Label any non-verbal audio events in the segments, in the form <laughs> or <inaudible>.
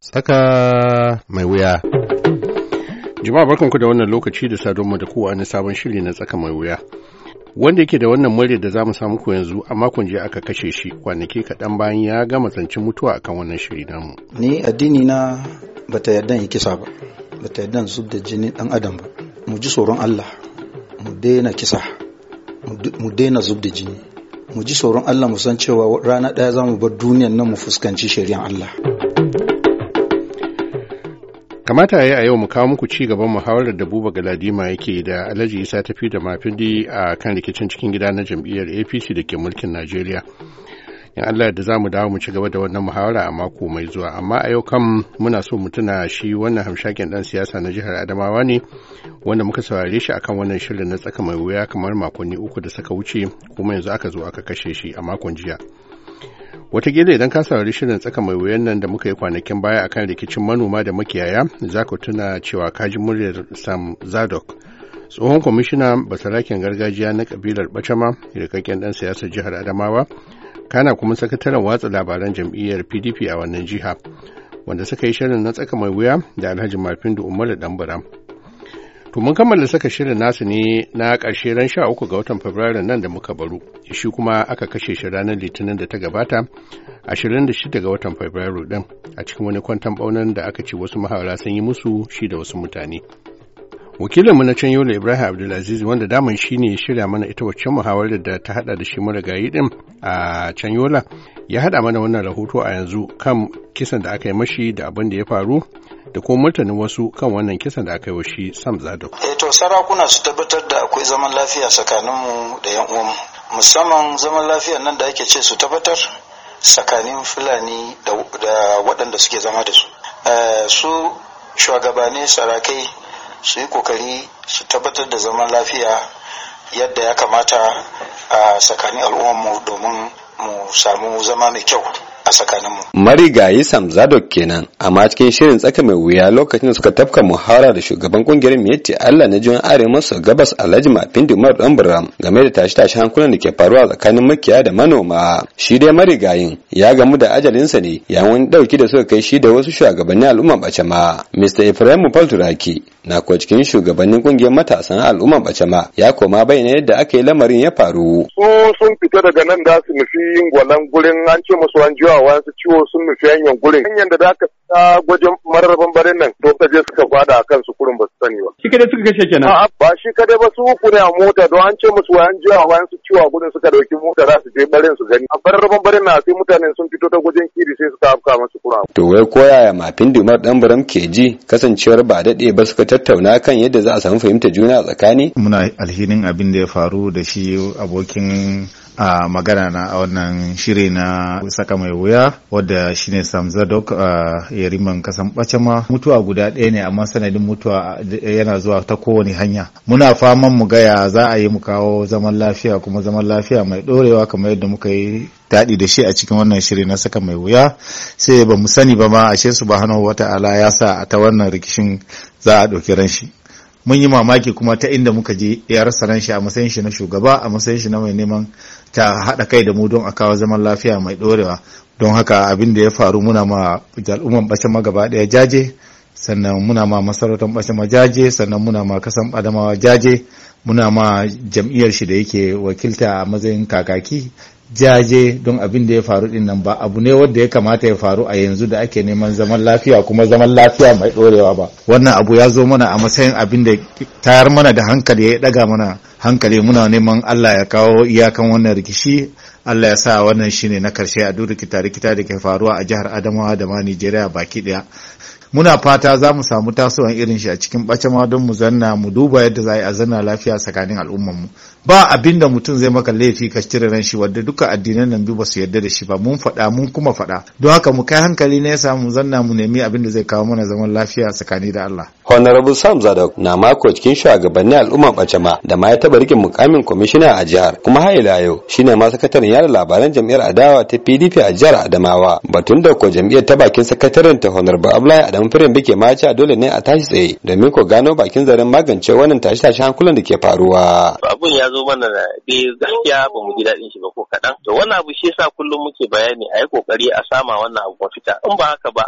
Tsaka mai wuya. Jama'a barkanku da wannan lokaci da sadonmu da kowa na sabon shiri na tsaka mai wuya. Wanda yake da wannan murya da za mu samu ku yanzu a makon jiya aka kashe shi kwanaki kaɗan bayan ya gama zancen mutuwa akan wannan shiri namu. Ni addini na bata yarda yi kisa ba, bata yarda zub da jini ɗan adam ba. Mu ji tsoron Allah, mu daina kisa, mu daina zub da jini. Mu ji tsoron Allah mu san cewa rana ɗaya za mu bar duniyan nan mu fuskanci shari'an Allah. kamata ya yi a yau mu kawo muku ci gaban muhawarar da buba galadima yake da alhaji isa tafi da mafindi a kan rikicin cikin gida na jam'iyyar apc da ke mulkin najeriya in allah da za mu dawo mu ci gaba da wannan muhawara a mako mai zuwa amma a yau kam muna so mu tuna shi wannan hamshakin dan siyasa na jihar adamawa ne wanda muka saurare shi akan wannan shirin na tsaka mai wuya kamar makonni uku da suka wuce kuma yanzu aka zo aka kashe shi a makon jiya Wataƙila idan ka saurari shirin tsaka mai wuyan nan da muka yi kwanakin baya akan rikicin manoma da makiyaya za ku tuna cewa kaji muryar Sam Zadok. Tsohon kwamishina basarakin gargajiya na kabilar Bacama, rikakken ɗan siyasar jihar Adamawa, kana kuma sakataren watsa labaran jam'iyyar PDP a wannan jiha, wanda suka yi shirin na tsaka mai wuya da Alhaji Mafindu Umaru Dambara. To mun kammala saka shirin nasu ne na ƙarshe ran sha uku ga watan Fabrairu nan da muka baro, shi kuma aka kashe shi ranar Litinin da ta gabata 26 ga watan Fabrairu ɗin a cikin wani kwantan ɓaunan da aka ce wasu mahawara sun yi musu shi da wasu mutane. wakilin mu na can yola ibrahim abdulaziz wanda daman shi ne shirya mana ita wacce muhawarar da ta hada da shi marigayi din a can yola ya hada mana wannan rahoto a yanzu kan kisan da aka yi mashi da abin da ya faru da kuma martanin wasu kan wannan kisan da aka yi wa shi sam zadok. eh to sarakuna su tabbatar da akwai zaman lafiya tsakaninmu da yan uwanmu musamman zaman lafiya nan da ake ce su tabbatar tsakanin fulani da waɗanda suke zama da su eh, su shugabanni sarakai su yi kokari su tabbatar da zaman lafiya yadda ya kamata a tsakanin al'ummar mu domin mu samu zama mai kyau a mu. Marigayi Sam Zadok kenan amma cikin shirin tsaka mai wuya lokacin da suka tafka muhawara da shugaban kungiyar Miyetti Allah na jiyon arewa maso gabas Alhaji Mafindi Umar Ɗanburam game da tashi-tashi hankulan da ke faruwa tsakanin makiya da manoma. Shi dai marigayin ya gamu da ajalinsa ne ya wani ɗauki da suka kai shi da wasu shugabannin al'umma ma. Mr. Ibrahim Falturaki na kuwa cikin shugabannin kungiyar matasan al'umma ma, ya koma bayyana yadda aka yi lamarin ya faru. Su sun fita daga nan da su nufi yin gwalan gurin an ce musu an jiwa wasu ciwo sun nufi hanyar gurin hanyar da za ka sa gwajin marar barin nan to ka je suka kwada a kansu kurin ba su sani ba. Shi kadai suka kashe kenan. A'a ba shi kadai ba su uku a mota don an ce musu wayan jiwa wayan su ciwo a gudun suka dauki mota za su je barin su gani. A mararraban barin na sai mutane sun fito ta gwajin kiri sai suka afka masu. takura. To wai koyaya mafin dumar dan buram ke ji kasancewar ba daɗe ba suka tattauna kan yadda za a samu fahimta juna a tsakani? Muna alhinin abin da ya faru da shi abokin a magana na a wannan shiri na saka mai wuya wadda shine Sam Zadok a yariman kasan bacama mutuwa guda ɗaya ne amma sanadin mutuwa yana zuwa ta kowane hanya muna faman mu gaya za a yi mu kawo zaman lafiya kuma zaman lafiya mai ɗorewa kamar yadda muka yi taɗi da shi a cikin wannan shiri na saka mai wuya sai ba mu sani ba ma ashe su wata wata ya sa a ta wannan rikishin za a ɗauki ran shi mun yi mamaki kuma ta inda muka je ya rasa ran shi a matsayin shi na shugaba a matsayin shi na mai neman ta haɗa kai da mu don a kawo zaman lafiya mai ɗorewa don haka abin da ya faru muna ma al'umman ɓacin magaba ɗaya jaje sannan muna ma masarautar ɓacin majaje sannan muna ma kasan adamawa jaje muna ma jam'iyyar shi da yake wakilta a matsayin kakaki jaje don abin da ya faru din nan ba abu ne wanda ya kamata ya faru a yanzu da ake neman zaman lafiya kuma zaman lafiya mai dorewa ba wannan abu ya zo mana a matsayin abin da tayar mana da hankali ya daga mana hankali muna neman Allah ya kawo iyakan wannan rikici Allah ya sa wannan shine na karshe a duk rikita-rikita da ke faruwa a jihar Adamawa da ma Nijeriya baki daya muna fata za mu samu tasowar irin shi a cikin bacama don mu zanna mu duba yadda za a zanna lafiya tsakanin al'ummarmu ba abin da mutum zai maka laifi ka cire ran shi wadda duka addinan nan biyu ba su yarda da shi ba mun faɗa mun kuma faɗa don haka mu kai hankali ne yasa mu zanna mu nemi abin da zai kawo mana zaman lafiya tsakani da Allah Honorable Sam Zadok na mako cikin shugabannin al'umma ma, da ma ya taba rike mukamin kwamishina a jihar kuma har ila yau shine ma sakataren yada labaran jam'iyyar adawa ta PDP a jihar Adamawa batun da ko jam'iyyar ta bakin sakataren ta Honorable Abdullahi Adamu Firin bike ma ce dole ne a tashi tsaye domin ko gano bakin zaren magance wannan tashi tashi hankulan da ke faruwa zo mana da bi gaskiya ba mu ji daɗin shi ba ko kaɗan to wannan abu shi yasa kullum muke bayani a yi kokari a sama wannan abu mafita in ba haka ba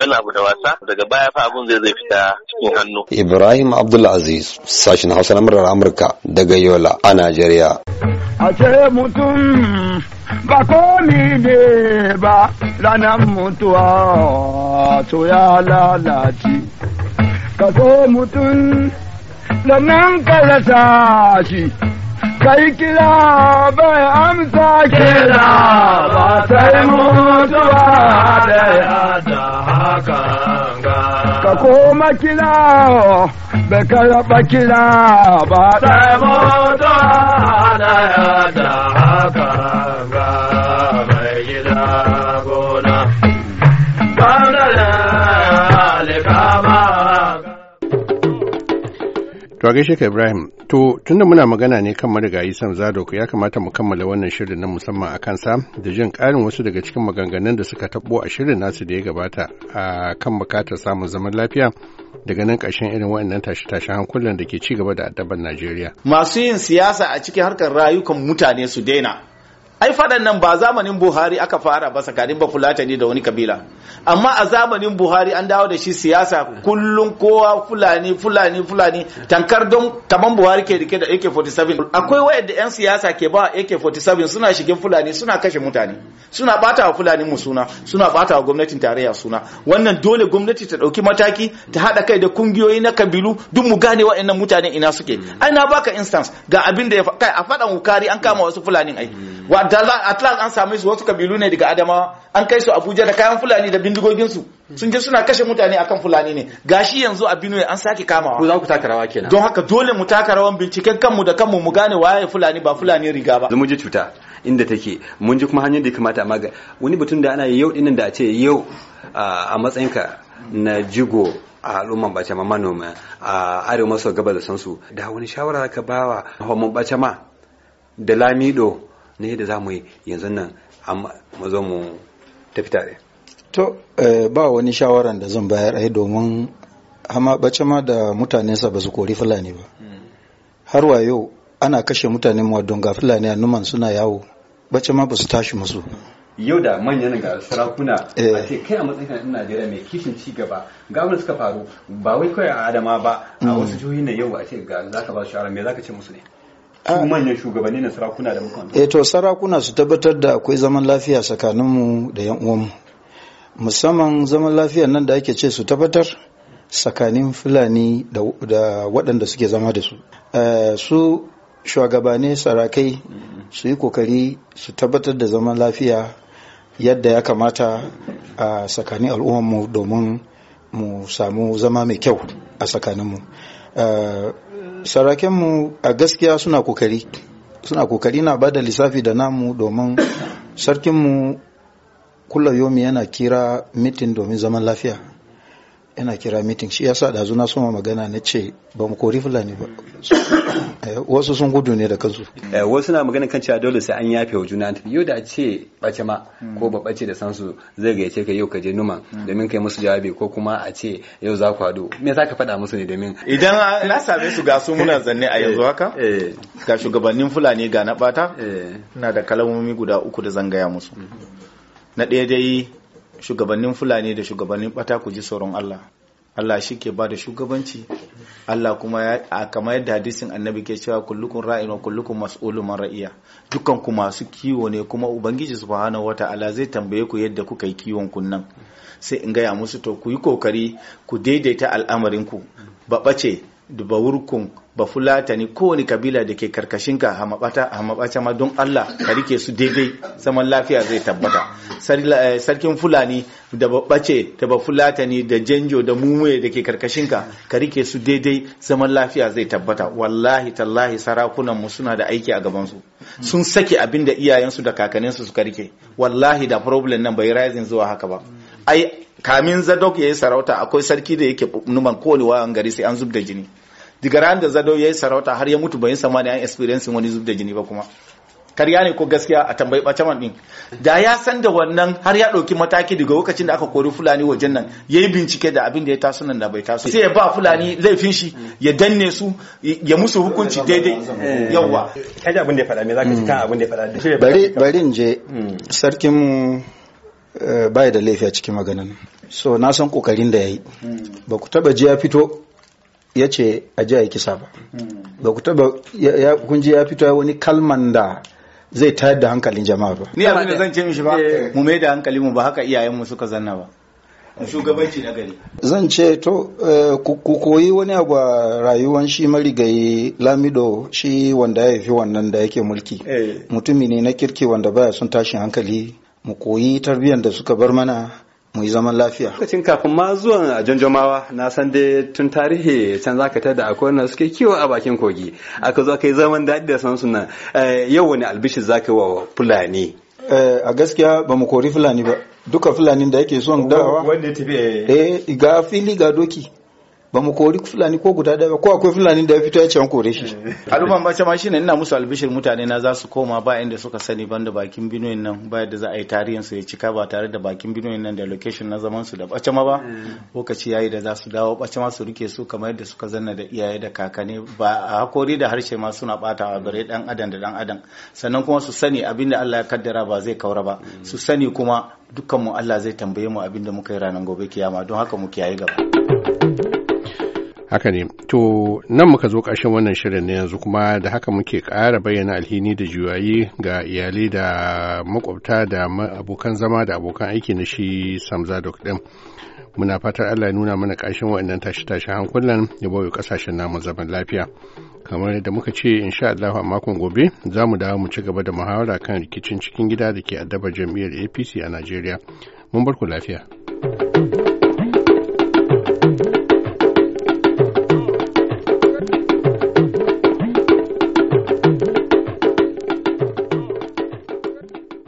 wani abu da wasa daga baya fa abun zai zai fita cikin hannu Ibrahim Abdulaziz sashin Hausa na murar Amurka daga Yola a Najeriya ce mutum ba komi ne ba ranar mutuwa to ya lalace ka so mutum Lannan ka rasa shi Saikira, bay amza kira, batay mutwa de adaka. Kakuma kira, bekara bakira, batay mutwa de adaka. To gaishe ka Ibrahim, to tunda muna magana ne kan marigayi Sam Zadok ya kamata mu kammala wannan shirin na musamman a kansa da jin ƙarin wasu daga cikin maganganun da suka tabo a shirin nasu da ya gabata a kan bukatar samun zaman lafiya daga nan ƙarshen irin waɗannan tashe-tashen hankulan da ke ci gaba da addaban Najeriya. Masu yin siyasa a cikin harkar rayukan mutane su daina. ai faɗan nan ba zamanin buhari aka fara ba tsakanin ba fulatani da wani kabila amma a zamanin buhari an dawo da shi siyasa kullum kowa fulani fulani fulani tankar don kaman buhari ke rike da ak-47 akwai da yan siyasa ke ba ak-47 suna shige fulani suna kashe mutane suna bata wa fulani mu suna suna bata wa gwamnatin tarayya suna wannan dole gwamnati ta ɗauki mataki ta haɗa kai da kungiyoyi na kabilu duk mu gane wayannan mutanen ina suke ai na baka instance ga abin da ya kai a faɗan wukari an kama wasu fulani ai at an same su wasu kabilu ne daga adama an kai su abuja da kayan fulani da bindigoginsu sun je suna kashe mutane akan fulani ne gashi yanzu a benue an sake kamawa ku za ku taka rawa kenan don haka dole mu taka rawan binciken kanmu da kanmu mu gane waye fulani ba fulani riga ba mu ji cuta inda take mun ji kuma hanyar da ya kamata amma ga wani batun da ana yau dinnan da a ce yau a matsayinka na jigo a al'umman bace ma manoma a arewa maso gaba da sansu da wani shawara ka bawa homon bace ma da lamido ne da za mu yi yanzu nan amma zo mu tafi tare to eh, ba wani shawaran da zan bayar ai domin hama bace ma da mutanensa ba su kori fulani ba hmm. har wa yau ana kashe mutanen mu don ga fulani a numan suna yawo bace ma ba su tashi musu yau da manyan ga sarakuna eh. a ce kai a matsayin kan Najeriya mai kishin ci gaba ga abin suka faru ba wai kawai a Adama ba a hmm. wasu jihohi na yau a ce ga zaka ba shawara me zaka ce musu ne Ah. manyan shugabanni na sarakuna da eh to sarakuna su tabbatar da akwai zaman lafiya tsakaninmu da yan uwanmu musamman zaman lafiya nan da ake ce su tabbatar tsakanin fulani da waɗanda suke zama da su eh, su shugabanni sarakai su yi kokari su tabbatar da zaman lafiya yadda ya kamata a tsakanin mu domin mu samu zama mai kyau a tsakaninmu eh, mu a gaskiya suna kokari suna kokari na bada lissafi da namu domin sarkinmu kula yomi yana kira mitin domin zaman lafiya yana kira mitin shi yasa da na soma magana na ce ba mu kori fulani ba eh, wasu sun gudu ne da kansu eh, wasu na magana kan cewa dole sai an yafe wa juna yau da ce bace ma ko ba bace da sansu zai gayyace ka yau ka je numa domin kai musu jawabi ko kuma a ce yau za ku hadu me za ka faɗa musu ne domin idan na same su ga su muna zanne a yanzu eh, haka ga shugabannin fulani ga na bata na da kalamomi guda uku da zan gaya musu na ɗaya dai shugabannin fulani da shugabannin bata ku ji tsoron Allah Allah shi ke ba da shugabanci Allah kuma a kama yadda hadisin annabi ke cewa kullukun ra'in wa kullukun mas'ulun man ra'iya dukkan ku masu kiwo ne kuma ubangiji wata wata'ala zai tambaye ku yadda kuka yi kiwon kunnan sai in gaya musu to ku yi kokari ku daidaita al'amarin ku ba bace da bawurkun ba fulatani kowane kabila da ke karkashinka a mabata ma don Allah ka rike su daidai zaman lafiya zai tabbata eh, sarkin fulani da babbace da ba fulatani da janjo da mumuye da ke karkashinka ka rike su daidai zaman lafiya zai tabbata wallahi tallahi sarakunan mu suna da aiki a gabansu sun saki abin da iyayensu da kakanninsu suka rike wallahi da problem nan bai rising zuwa haka ba ai kamin zadok ya yi sarauta akwai sarki da yake numan kowane wayan gari sai an zub da jini diga ran da zadok ya yi sarauta har ya mutu bayan samani an experience wani zub da jini ba kuma karya ne ko gaskiya a tambayi bacaman din da ya san da wannan har ya ɗauki mataki daga lokacin da aka kori fulani wajen nan ya yi bincike da abin da ya taso nan da bai taso sai ya ba fulani laifin shi ya danne su ya musu hukunci daidai yawwa kaji abin da ya faɗa me zaka ji kan abin da ya faɗa bari bari nje hmm. sarkin sarkin Eh, bai da laifi a cikin maganan so na san kokarin da ya yi hmm. ba ku taba ji ya fito ya ce a ji a yi kisa ba hmm. ba ku taba kun kunji ya fito ya wani kalman da zai tayar da hankalin jama'a ba ni abin da zan ce mishi ba eh. mu mai da hankali mu ba haka iyayenmu suka zanna ba shugabanci na gari zan ce to eh, ku koyi wani abu a rayuwan shi marigayi lamido shi wanda ya fi wannan da yake mulki mutumi ne na kirki wanda baya son tashin hankali mu koyi tarbiyyar da suka bar mana mu yi zaman lafiya. Lokacin kafin ma zuwan a janjamawa na san dai tun tarihi can za ka tada akwai wanda suke kiwo a bakin kogi aka zo ka yi zaman daɗi da sansu nan eh, yau wani albishir za ka wa fulani. Eh, a gaskiya ba mu kori fulani ba duka fulanin da yake son dawa wanda ya tafi eh. eh ga fili ga doki ba mu kori fulani ko guda daya ko akwai fulani da ya fito ya ce an kore shi <laughs> al'umman bace ma shine ina musu albishir mutane na za su koma ba inda suka sani banda bakin binoyin nan ba yadda za a yi tarihin su ya cika ba tare da bakin binoyin nan da location na zaman su da bace ma ba mm. lokaci yayi da za su dawo bace ma su rike su kamar yadda suka zanna da iyaye da kakane ba a hakori da harshe ma suna batawa bare dan adam da dan adam sannan kuma su sani abinda Allah ya kaddara ba zai kaura ba mm. su sani kuma dukkanmu Allah zai tambaye mu abinda muka yi ranar gobe kiyama don haka mu kiyaye gaba haka ne to nan muka zo ƙarshen wannan shirin na yanzu kuma da haka muke ƙara bayyana alhini da juyayi ga iyalai da makwabta da abokan zama da abokan aiki na shi samzadok ɗin muna fatar allah ya nuna mana ƙarshen waɗannan tashi-tashi hankulan ya bawa ƙasashen namu zaman lafiya kamar yadda muka ce in sha Allah a makon gobe za mu dawo mu ci gaba da muhawara kan rikicin cikin gida da ke addabar jam'iyyar APC a Najeriya mun bar ku lafiya